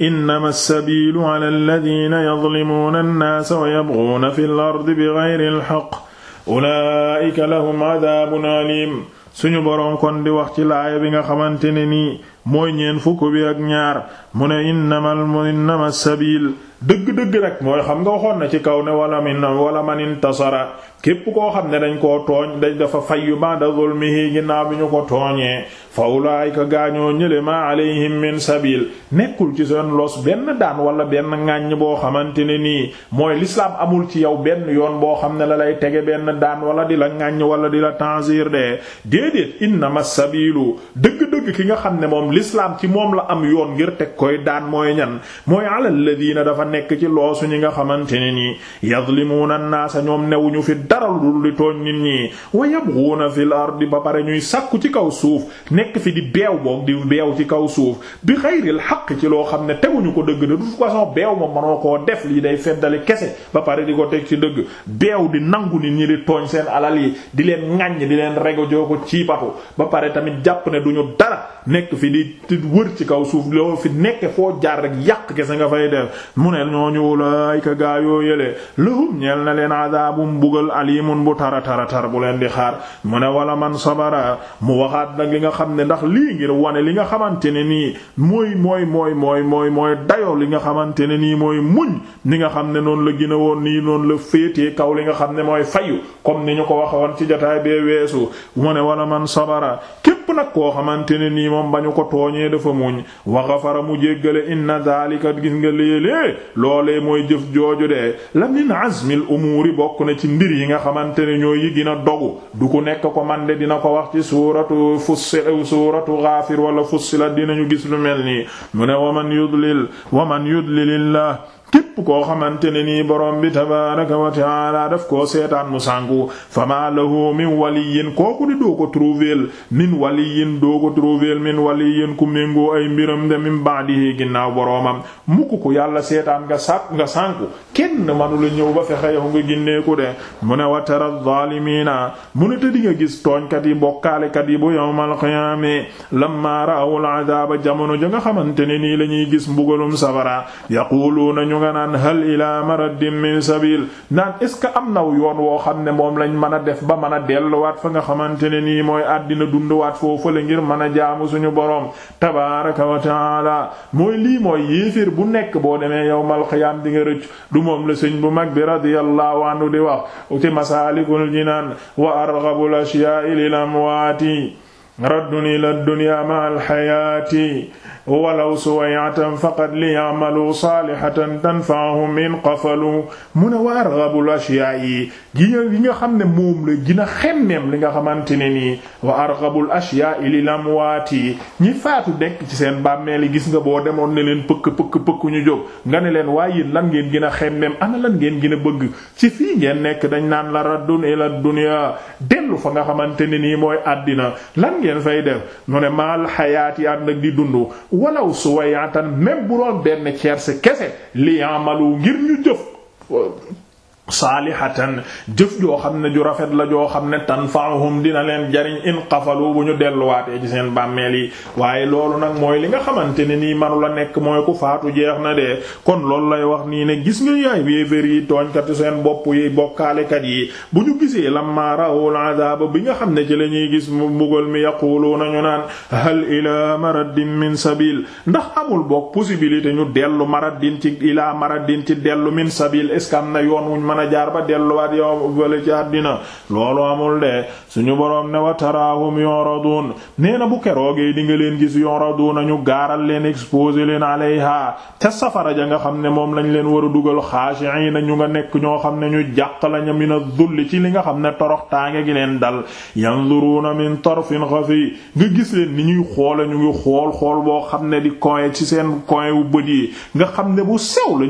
innama as-sabilu ala alladhina yadhlimuna an-nasa wa yabghuna fil ardi bighayri al-haqq ulaika lahum adhabun alim suñu boroom kon di wax ci laaya bi nga xamante ne nii mooy ñeen fukk bi ak ñaar mu ne innama innama as-sabil dëgg-dëgg rek mooy xam nga waxoon na ci kaw ne wala min wala man intasara képp koo xam ne dañ koo tooñ dañ dafa fayyu ba'da zulmihi ginnaaw bi ñu ko tooñee fa ulaayika gaañoo ñële ma alayhim min sabil nekkul ci seen loos benn daan wala benn ŋàññ boo xamante ne nii mooy lislaam amul ci yow benn yoon boo xam ne la lay tege benn daan wala di la ŋàññ wala di la tanzir de déedéet innama sabilu dëgg-dëgg ki nga xam ne moom lislaam ci moom la am yoon ngir teg koy daan nekk ci loosu ñi nga xamante ne nii naa naasa ñoom newuñu fi dara lu dul di tooñ nit ñi wa yabghuuna fil ardi ba pare ñuy sàkku ci kaw suuf nekk fi di beew boog di beew ci kaw suuf bi xayril xaq ci loo xam ne teguñu ko dëgg du toute façon beew moom manoo koo def lii day feddali kese ba pare di ko teg ci dëgg beew di nangu nit ñi tooñ seen alal yi di leen ŋaññ di leen rego joo ko ciipatu ba pare tamit jàpp ne duñu dara nekk fi di wër ci kaw suuf loo fi nekk foo jaar ne ñooñu ulaayika gaa yoo yële lahum ñeel na leen adaabum bugal alimun bu tara tara tar bu leen di xaar mu ne wala man sabara mu waxaat nag li nga xam ne ndax lii ngir wane li nga xamante ne nii mooy mooy mooy mooy mooy mooy dayoo li nga xamante ne nii mooy muñ ni nga xam ne noonu la gën woon nii noonu la féetee kaw li nga xam ne mooy fayu comme ni ñu ko waxoon ci jotaay bee weesu mu ne wala man sabara képp képp nag koo xamante ne nii moom ba ñu ko tooñee dafa muñ wa ghafara mu jéggale inna daalika gis nga léeg-léeg loolee mooy jëf jooju de la min azmil umuuri bokk na ci mbir yi nga xamante ne ñoo yi gina dogu du ku nekk ko man de dina ko wax ci suuratu fussilat suuratu ghaafir wala fussilat dinañu gis lu mel nii mu ne wa man yudlil wa man yudlilillah képp koo xamante ne ni borom bi tabaaraka wa taala def koo seetaan mu sànku fama lahu min waliyin kooku di doo ko trouver min waliyin doo ko trouver min waliyin ku méngoo ay mbiram de min ba'dihi ginnaaw boromam mu ku yàlla seetaan nga sàkk nga sànku kenn manu la ñëw ba fexe yow ginneeku de mu ne wa tara zaalimiina mu ne te di nga gis tooñkat yi bokkaalekat yi bu yawmal qiyaama lammaa ra'awul adaaba jamono ja nga xamante ne nii lañuy gis mbugalum sabara yaquluuna nga naan hal ila maradin min sabil am naw yoon woo xam ne moom lañ mën a def ba mën a delluwaat fa nga xamante ne nii mooy àddina dunduwaat foofu la ngir mën a jaamu suñu boroom tabaraka wa taala mooy lii mooy yéeféer bu nekk boo demee yawmal qiyaam di nga rëcc du moom la sëñ bu mag bi radiyallahu anhu di wax ci masaalikul jinaan wa arghabul ashyaa'i lil amwaati raddun ila dunya ma al hayaati walaw suwayatan faqad liya'malu saalihatan tanfa'uhum in qafalu mu ne wa arghabul ashyaa'i yi nga xam ne moom la gën a xemmeem li nga xamante ne nii wa arghabul ashyaa'i lil amwaati ñi faatu dekk ci seen bàmmeel yi gis nga boo demoon ne leen pëkk pëkk pëkk ñu jóg nga ne leen waaye yéen lan ngeen gën a xemmeem ana lan ngeen gin a bëgg ci fii ngeen nekk dañ naan la raddun la dunya dellu fa nga xamante ne nii mooy àddina lan ngeen fay def mu ne maal xayaat yi ànd ak di walaw suwayatan même bu doon benn tierce kese li amalu ngir ñu jëf saalihatan jëf joo xam ne ju rafet la joo xam ne tanfaahum dina leen jariñ in bu ñu delluwaatee ci seen bàmmeel yi waaye loolu nag mooy li nga xamante ne nii manu la nekk mooy ku faatu jeex na de kon loolu lay wax nii ne gis nga yaay yéefér yi tooñkati seen bopp yi bokkaalekat yi bu ñu gisee lamma raawul adaaba bi nga xam ne ci la ñuy gis mu mbugal mi yaquluuna nañu naan hal ilaa maraddin min sabil ndax amul boog possibilité ñu dellu maraddin ci ilaa maraddin ci dellu min sabil mën a jaar ba delluwaat yow wala ci àddina loolu amul de suñu boroom ne wa taraahum yuradun nee na bu keroogee di nga leen gis yuraduna ñu gaaral leen exposé leen alayha ca safara ja nga xam ne moom lañ leen war a dugal xaashi'ina ñu nga nekk ñoo xam ne ñu jàq lañu min ad-dull ci li nga xam ne torox taange gi leen dal yanzuruna min tarfin xafi nga gis leen ni ñuy xoole ñu ngi xool xool boo xam ne di coin ci seen coin wu bët yi nga xam ne bu sew la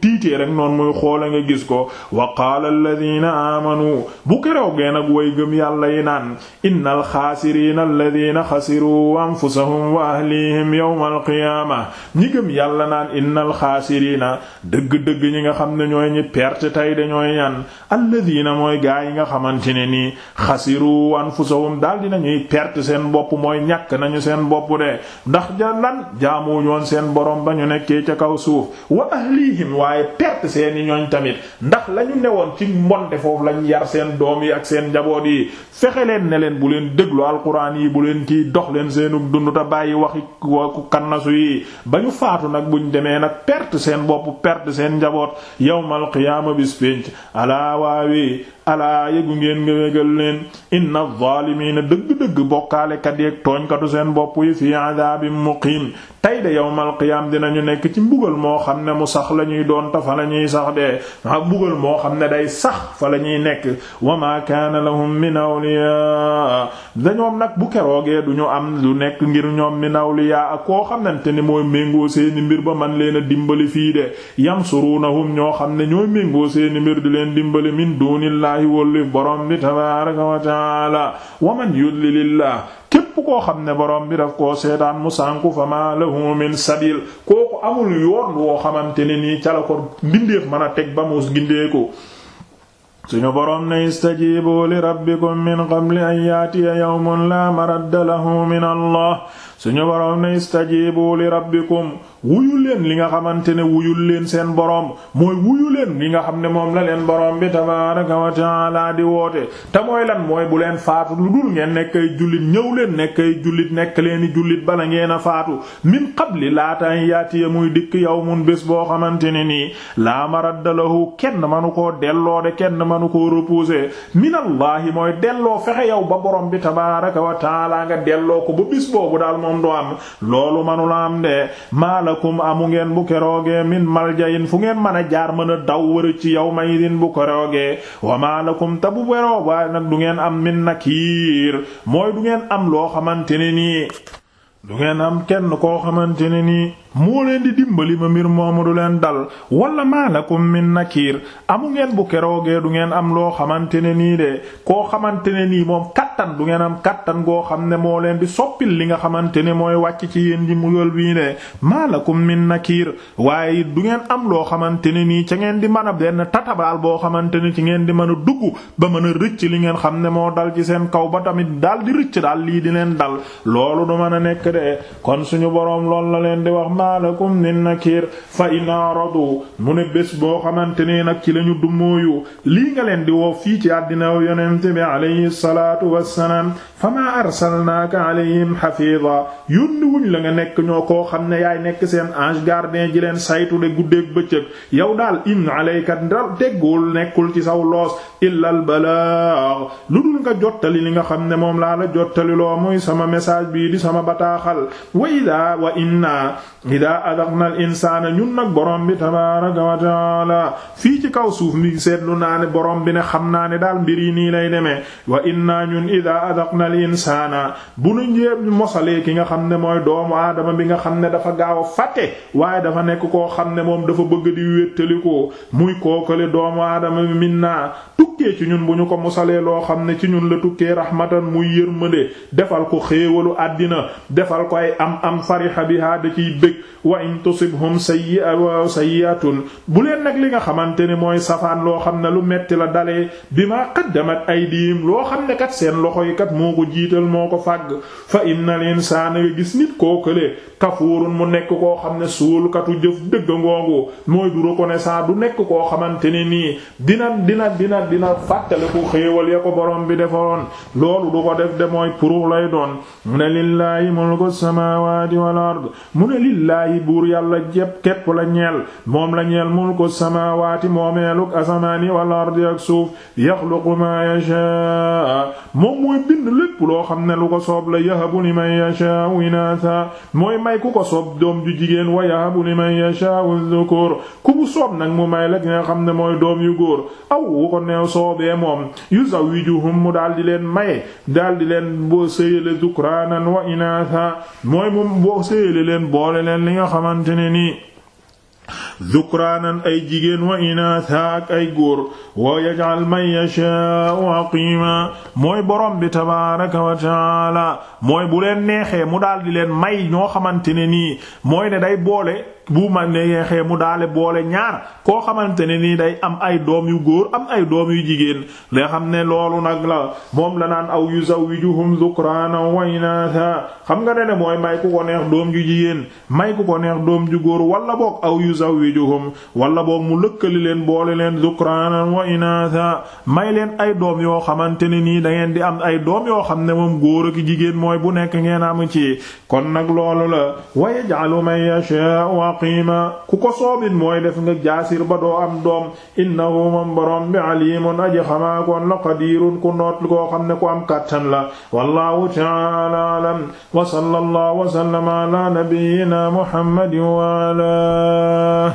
tiitee rek noonu muy xoole nga gis ko wa qaala alladina aamanu bu keroogee nag way gëm yàlla yi naan inna alxaasiriina alladina xasiruu anfusahum wa ahlihim yawma alqiyaama ñi gëm yàlla naan inna alxaasiriina dëgg-dëgg ñi nga xam ne ñooy ñi perte tey dañooy ñan alladina mooy gaa yi nga xamante ne nii xasiruu anfusahum daal nañuy perte seen bopp mooy ñàkk nañu seen bopp de ndax ja lan jaamu ñoon seen borom ba ñu nekkee ca kaw suuf wa ahlihim waaye perte seeni ñooñ tamit ndax la ñu newoon ci mbonte foofu lañ yar seen doom yi ak seen njaboot yi fexe leen ne leen bu leen déglu alxuraan yi bu leen kii dox leen seenu dund te bàyyi waxi ku kannasu yi ba ñu faatu nag buñ demee nag perte seen bopp perte seen njaboot yawmal qiyaama bis pénc alaa waawi alaa yëgu ngeen nga yëgal leen inna adh-dhaalimiina dëgg-dëgg bokkaalekat yeeg tooñkatu seen bopp yi fii adaabin muqiim tey de yawmal dina ñu nekk ci mbugal moo xam ne mu sax la ñuy doon ta fa la ñuy sax de mbugal moo xam ne day sax fa la ñuy nekk wa maa kaana lahum min awliyaa dañoom nag bu keroogee du ñu am lu nekk ngir ñoom min awliyaa ak koo xamante ni mooy méngoo seeni mbir ba man leen dimbali fii de yamsurunahum ñoo xam ne ñooy méngoo seeni mbir leen dimbali min wallaahi wóllif borom bi tabaaraka wa taala wa man yudlilillah képp koo xam ne borom bi daf koo seetaan mu sànku fa ma lahu min sabil kooku amul yoon woo xamante ne nii ca la ko mbindeef mën a teg ba mu gindeeku suñu boroom ne istajibu li rabbikum min qabli an yaatiya yawmun laa maradda lahu min allah suñu boroom na istajibu li rabbikum wuyu leen li nga xamante ne wuyul leen seen boroom mooy wuyu leen li nga xam ne moom la leen boroom bi tabaaraka wa taala di woote te mooy lan mooy bu leen faatu lu dul ngeen nekkay jullit ñëw leen nekkay jullit nekk leeni jullit bala ngeen a faatu min qabli laata an yaatiya muy dikk yawmun bés boo xamante ne nii laa maradda kenn manu koo delloo manu koo reposer minallaahi mooy delloo fexe yow ba borom bi tabaaraka wa taala nga delloo ko ba bis boobu daal moom du am loolu manu la am de maalakum amu ngeen bu keroogee min maljayin fu ngeen mën a jaar mën a daw wara ci yow may din bu keroogee wa maalakum ta bu beroo waaye nag du ngeen am min nakiir mooy du ngeen am loo xamante ne nii du ngeen am kenn koo xamante ne nii moo leen di dimbali ba mbir moomu du leen dal wala malakum min kiir amu ngeen bu keroogee du ngeen am loo xamante ne nii de koo xamante ne nii moom kattan du ngeen am kattan goo xam ne moo leen di soppil li nga xamante ne mooy wàcc ci yéen ji muyol bii de malakum min nakir waaye du ngeen am loo xamante ne nii ca ngeen di mën a benn tatabaal boo xamante ne ci ngeen di mën a dugg ba mën a rëcc li ngeen xam ne moo dal ci seen kaw ba tamit daal di rëcc daal lii di leen dal loolu du mën a nekk kon suñu boroom lool la leen di wax ma lakum min nakir fa in aradu mu ne boo xamante ne nag ci lañu dummóoyu lii nga leen di woo fii ci àddina yonent bi alayhi salaatu wassalaam famaa arsalnaaka alayhim hafiza yónniwuñ la nga nekk ñoo koo xam ne yaay nekk seen ange gardien ji leen saytu de guddeeg bëccëg yow daal in alayka dal déggul nekkul ci saw loos illal balaax lu dul nga jottali li nga xam ne moom laa la jottali loo mooy sama message bii di sama bataaxal wa idaa wa inna idaa adaqna al insaana ñun nag borom bi tabaaraka wa taala fii ci kaw suuf mi seetlu naa ne borom bi ne xam naa ne daal mbir yi nii lay demee wa inna ñun idaa adaqna al insaana bu nu njéeb mosalee ki nga xam ne mooy doomu aadama bi nga xam ne dafa gaaw a fàtte waaye dafa nekk koo xam ne moom dafa bëgg di wéttalikoo muy kookale doomu aadama bi min naa tukkee ci ñun bu ñu ko mosalee loo xam ne ci ñun la tukkee rahmatan muy yërmande defal ko xéewalu defal ko ay wa in tusibhum sayyi'atun bu leen nag li nga xamante ne mooy safaan loo xam ne lu metti la dalee bima ay aydihim loo xam ne kat seen loxo yi kat moo ko jiital moo ko fàgg fa na leen innal na nga gis nit koo kële kafuurun mu nekk koo xam ne suulkatu jëf dëgg ngoongu mooy du reconnaissant du nekk koo xamante ne nii dina dina dina dina fàttale ku xéewal ya ko borom bi defoon loolu du ko def de mooy pour lay doon mu ne lillaahi mulku samaawaati wal ard lillaahi buur yàlla jépp képp la ñeel moom la ñeel mulku samaawaati moomeeluk asamaani wal ardi ak suuf yaxluqu maa yashaa moom mooy bind lépp loo xam ne lu ko soob la yahabu liman yashaa inaatha mooy may ku ko soob doom ju jigéen wa yahabu liman ma dhukur ku mu soob may la nga xam ne mooy doom yu góor aw wu ko neew soobee moom yuzawijuhum mu daal leen maye daal di leen boo sëyale dhukraanan wa inaatha mooy moom boo sëyale leen boole leen leen li nga xamante ne nii dhukraanan ay jigéen wa inaatha ak ay góor wa yaj'al mooy boroom bi tabaaraka wa ta'aala mooy bu leen neexee mu daal di leen may ñoo xamante ne nii mooy ne day boole. bu ma neexee mu daale boole ñaar koo xamante ne nii day am ay doom yu góor am ay doom yu jigéen nga xam ne loolu nag la moom la naan aw yuzawijuhum zukrana wa inatha xam nga ne ne mooy may ku ko neex doom ju jigéen may ku ko neex doom ju góor wala boog aw yuzawi yuzawwijuhum wala boog mu lëkkali leen boole leen zukraanan wa inaatha may leen ay doom yoo xamante ne nii da ngeen di am ay doom yoo xam ne moom góor ak jigéen mooy bu nekk ngeen am ci kon nag loolu la wa yaj'alu man yashaa'u aqiima ku ko soobin mooy def nga jaasir ba doo am doom innahu moom borom bi alimun aji xamaa koon la qadirun ku noot koo xam ne ku am kàttan la wallahu ta'ala a'lam wa sallallahu wa sallama ala nabiyyina muhammadin wa ala